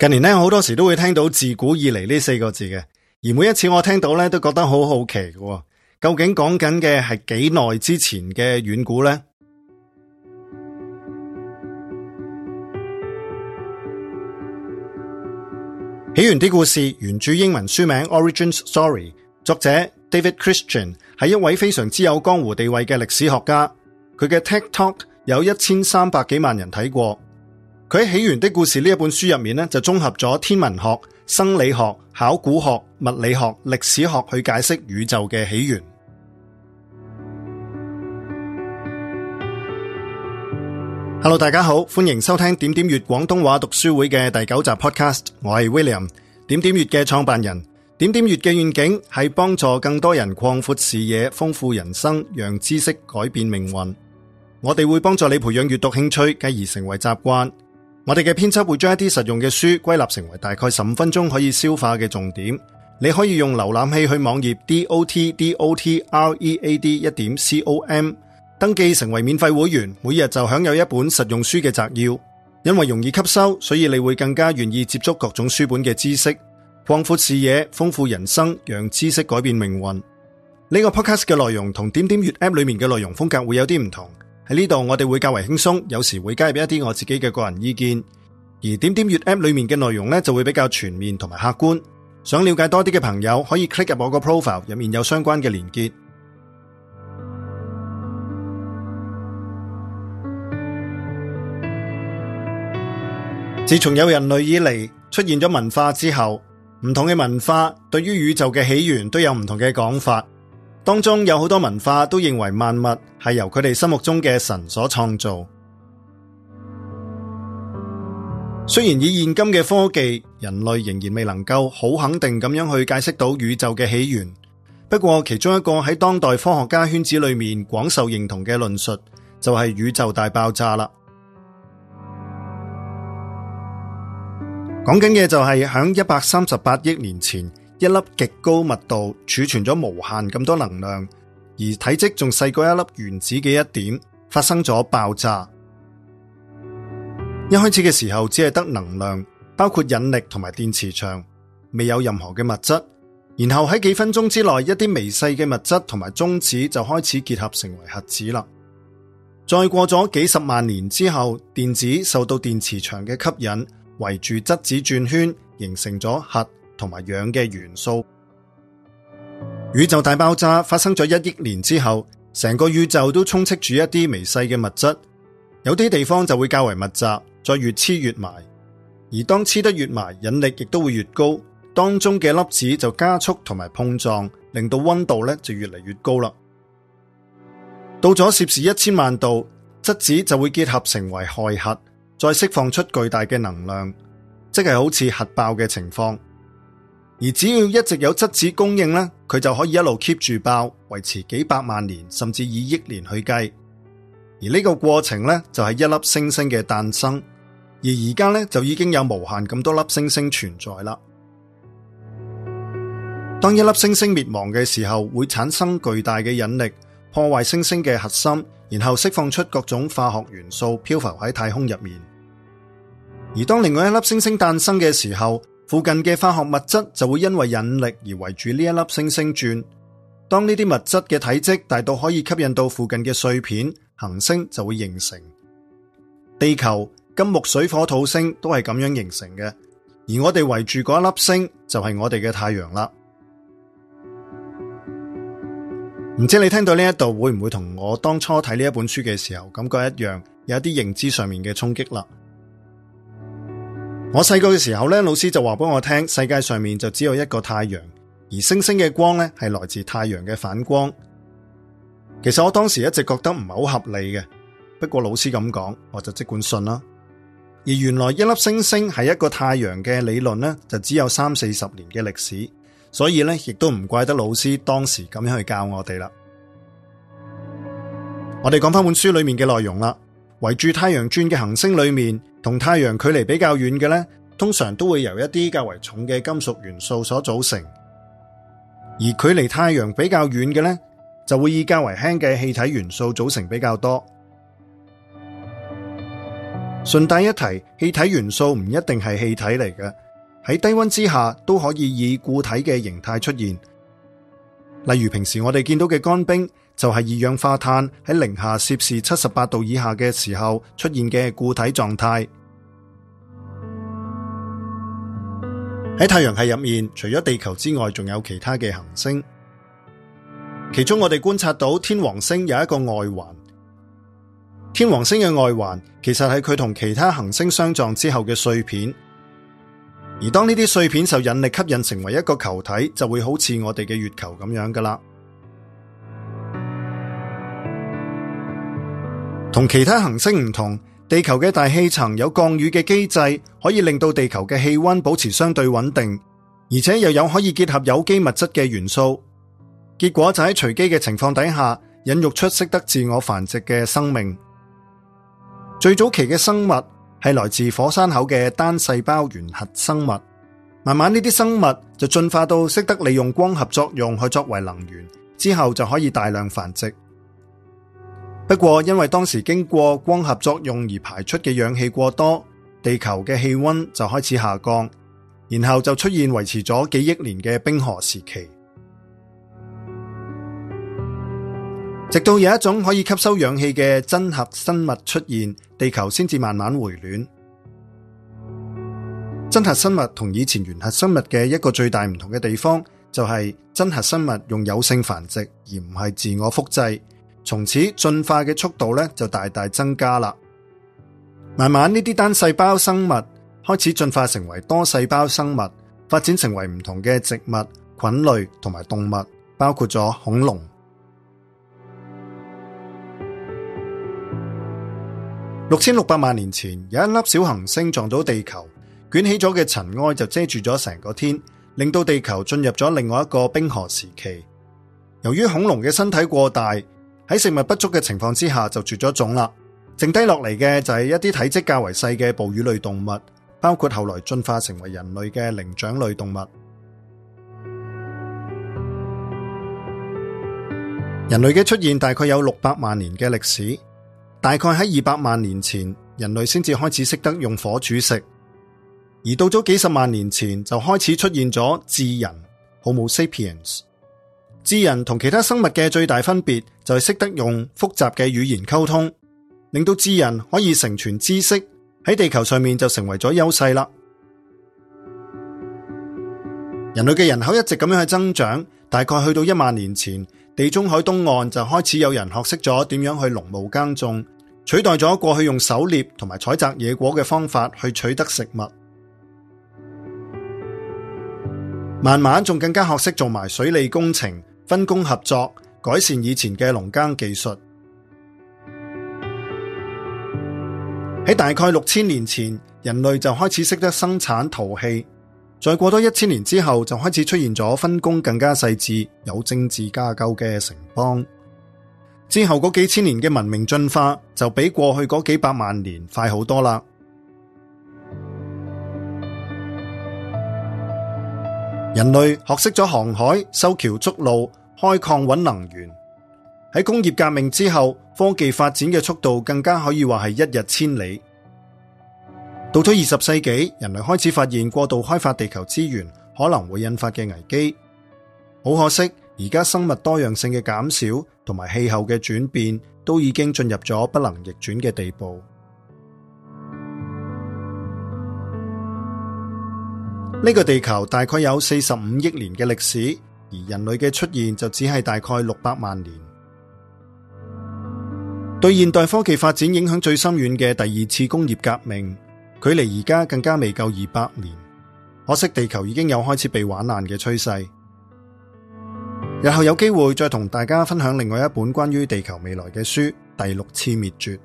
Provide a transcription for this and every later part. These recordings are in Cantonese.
近年咧，好多時都會聽到自古以來呢四個字嘅，而每一次我聽到咧，都覺得好好奇嘅。究竟講緊嘅係幾耐之前嘅遠古呢？起源的故事，原著英文書名 Origin Story，作者 David Christian 係一位非常之有江湖地位嘅歷史學家。佢嘅 TikTok 有一千三百幾萬人睇過。佢喺起源的故事呢一本書入面咧，就綜合咗天文學、生理學、考古學、物理學、歷史學去解釋宇宙嘅起源。Hello，大家好，歡迎收聽點點粵廣東話讀書會嘅第九集 podcast。我係 William，點點閱嘅創辦人。點點閱嘅願景係幫助更多人擴闊視野、豐富人生，讓知識改變命運。我哋會幫助你培養閱讀興趣，繼而成為習慣。我哋嘅編輯會將一啲實用嘅書歸納成為大概十五分鐘可以消化嘅重點。你可以用瀏覽器去網頁 dotdotread 一點 com 登記成為免費會員，每日就享有一本實用書嘅摘要。因為容易吸收，所以你會更加願意接觸各種書本嘅知識，擴闊視野，豐富人生，讓知識改變命運。呢個 podcast 嘅內容同點點閱 App 裏面嘅內容風格會有啲唔同。喺呢度，我哋會較為輕鬆，有時會加入一啲我自己嘅個人意見，而點點閱 App 裏面嘅內容呢，就會比較全面同埋客觀。想了解多啲嘅朋友可以 click 入我個 profile，入面有相關嘅連結。自從有人類以嚟出現咗文化之後，唔同嘅文化對於宇宙嘅起源都有唔同嘅講法。當中有好多文化都認為萬物係由佢哋心目中嘅神所創造。雖然以現今嘅科技，人類仍然未能夠好肯定咁樣去解釋到宇宙嘅起源。不過其中一個喺當代科學家圈子裏面廣受認同嘅論述，就係宇宙大爆炸啦。講緊嘅就係響一百三十八億年前。一粒極高密度儲存咗無限咁多能量，而體積仲細過一粒原子嘅一點，發生咗爆炸。一開始嘅時候，只係得能量，包括引力同埋電磁場，未有任何嘅物質。然後喺幾分鐘之內，一啲微細嘅物質同埋中子就開始結合成為核子啦。再過咗幾十萬年之後，電子受到電磁場嘅吸引，圍住質子轉圈，形成咗核，同埋氧嘅元素。宇宙大爆炸發生咗一億年之後，成個宇宙都充斥住一啲微細嘅物質，有啲地方就會較為密集，再越黐越埋。而當黐得越埋，引力亦都會越高，當中嘅粒子就加速同埋碰撞，令到溫度咧就越嚟越高啦。到咗攝氏一千萬度，質子就會結合成為氦核，再釋放出巨大嘅能量，即係好似核爆嘅情況。而只要一直有質子供應咧，佢就可以一路 keep 住爆，維持幾百萬年，甚至以億年去計。而呢個過程咧，就係一粒星星嘅誕生。而而家咧，就已經有無限咁多粒星星存在啦。當一粒星星滅亡嘅時候，會產生巨大嘅引力，破壞星星嘅核心，然後釋放出各種化學元素漂浮喺太空入面。而當另外一粒星星誕生嘅時候，附近嘅化學物質就會因為引力而圍住呢一粒星星轉。當呢啲物質嘅體積大到可以吸引到附近嘅碎片，行星就會形成。地球、金木水火土星都係咁樣形成嘅。而我哋圍住嗰一粒星就係我哋嘅太陽啦。唔知你聽到呢一度會唔會同我當初睇呢一本書嘅時候感覺一樣，有一啲認知上面嘅衝擊啦。我細個嘅時候咧，老師就話俾我聽，世界上面就只有一個太陽，而星星嘅光咧係來自太陽嘅反光。其實我當時一直覺得唔係好合理嘅，不過老師咁講，我就即管信啦。而原來一粒星星係一個太陽嘅理論咧，就只有三四十年嘅歷史，所以咧亦都唔怪得老師當時咁樣去教我哋啦。我哋講翻本書裏面嘅內容啦。圍住太陽轉嘅行星裏面，同太陽距離比較遠嘅咧，通常都會由一啲較為重嘅金屬元素所組成；而距離太陽比較遠嘅咧，就會以較為輕嘅氣體元素組成比較多。順帶一提，氣體元素唔一定係氣體嚟嘅，喺低溫之下都可以以固體嘅形態出現，例如平時我哋見到嘅乾冰。就係二氧化碳喺零下攝氏七十八度以下嘅時候出現嘅固體狀態。喺太陽系入面，除咗地球之外，仲有其他嘅行星。其中我哋觀察到天王星有一個外環。天王星嘅外環其實係佢同其他行星相撞之後嘅碎片。而當呢啲碎片受引力吸引成為一個球體，就會好似我哋嘅月球咁樣㗎喇。同其他行星唔同，地球嘅大氣層有降雨嘅機制，可以令到地球嘅氣溫保持相對穩定，而且又有可以結合有機物質嘅元素。結果就喺隨機嘅情況底下，孕育出識得自我繁殖嘅生命。最早期嘅生物係來自火山口嘅單細胞原核生物，慢慢呢啲生物就進化到識得利用光合作用去作為能源，之後就可以大量繁殖。不過，因為當時經過光合作用而排出嘅氧氣過多，地球嘅氣溫就開始下降，然後就出現維持咗幾億年嘅冰河時期。直到有一種可以吸收氧氣嘅真核生物出現，地球先至慢慢回暖。真核生物同以前原核生物嘅一個最大唔同嘅地方，就係真核生物用有性繁殖，而唔係自我複製。從此進化嘅速度呢就大大增加啦。慢慢呢啲單細胞生物開始進化成為多細胞生物，發展成為唔同嘅植物、菌類同埋動物，包括咗恐龍。六千六百萬年前，有一粒小行星撞到地球，捲起咗嘅塵埃就遮住咗成個天，令到地球進入咗另外一個冰河時期。由於恐龍嘅身體過大。喺食物不足嘅情況之下，就絕咗種啦。剩低落嚟嘅就係一啲體積較為細嘅哺乳類動物，包括後來進化成為人類嘅靈長類動物。人類嘅出現大概有六百萬年嘅歷史，大概喺二百萬年前，人類先至開始識得用火煮食。而到咗幾十萬年前，就開始出現咗智人，Homo sapiens。智人同其他生物嘅最大分別就係識得用複雜嘅語言溝通，令到智人可以成全知識，喺地球上面就成為咗優勢啦。人類嘅人口一直咁樣去增長，大概去到一萬年前，地中海東岸就開始有人學識咗點樣去農務耕種，取代咗過去用狩獵同埋採摘野果嘅方法去取得食物。慢慢仲更加學識做埋水利工程。分工合作，改善以前嘅農耕技術。喺大概六千年前，人類就開始識得生產陶器。再過多一千年之後，就開始出現咗分工更加細緻、有政治架構嘅城邦。之後嗰幾千年嘅文明進化，就比過去嗰幾百萬年快好多啦。人類學識咗航海、修橋築路，開礦搵能源，喺工業革命之後，科技發展嘅速度更加可以話係一日千里。到咗二十世紀，人類開始發現過度開發地球資源可能會引發嘅危機。好可惜，而家生物多樣性嘅減少同埋氣候嘅轉變都已經進入咗不能逆轉嘅地步。呢個地球大概有四十五億年嘅歷史。而人類嘅出現就只係大概六百萬年，對現代科技發展影響最深遠嘅第二次工業革命，距離而家更加未夠二百年。可惜地球已經有開始被玩爛嘅趨勢，日後有機會再同大家分享另外一本關於地球未來嘅書《第六次滅絕》。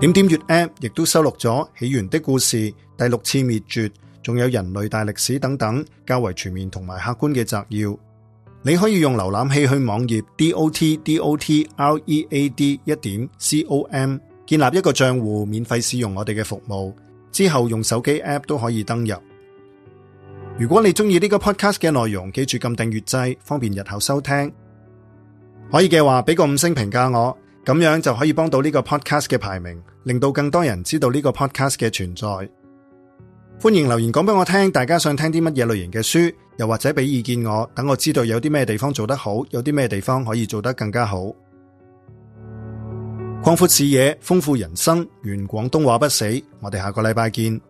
點點閱 App 亦都收錄咗起源的故事、第六次滅絕，仲有人類大歷史等等，較為全面同埋客觀嘅摘要。你可以用瀏覽器去網頁 dotdotread 一點 com 建立一個賬戶，免費試用我哋嘅服務，之後用手機 App 都可以登入。如果你中意呢個 Podcast 嘅內容，記住撳訂閱掣，方便日後收聽。可以嘅話，俾個五星評價我。咁樣就可以幫到呢個 podcast 嘅排名，令到更多人知道呢個 podcast 嘅存在。歡迎留言講俾我聽，大家想聽啲乜嘢類型嘅書，又或者俾意見我，等我知道有啲咩地方做得好，有啲咩地方可以做得更加好。擴闊視野，豐富人生，願廣東話不死。我哋下個禮拜見。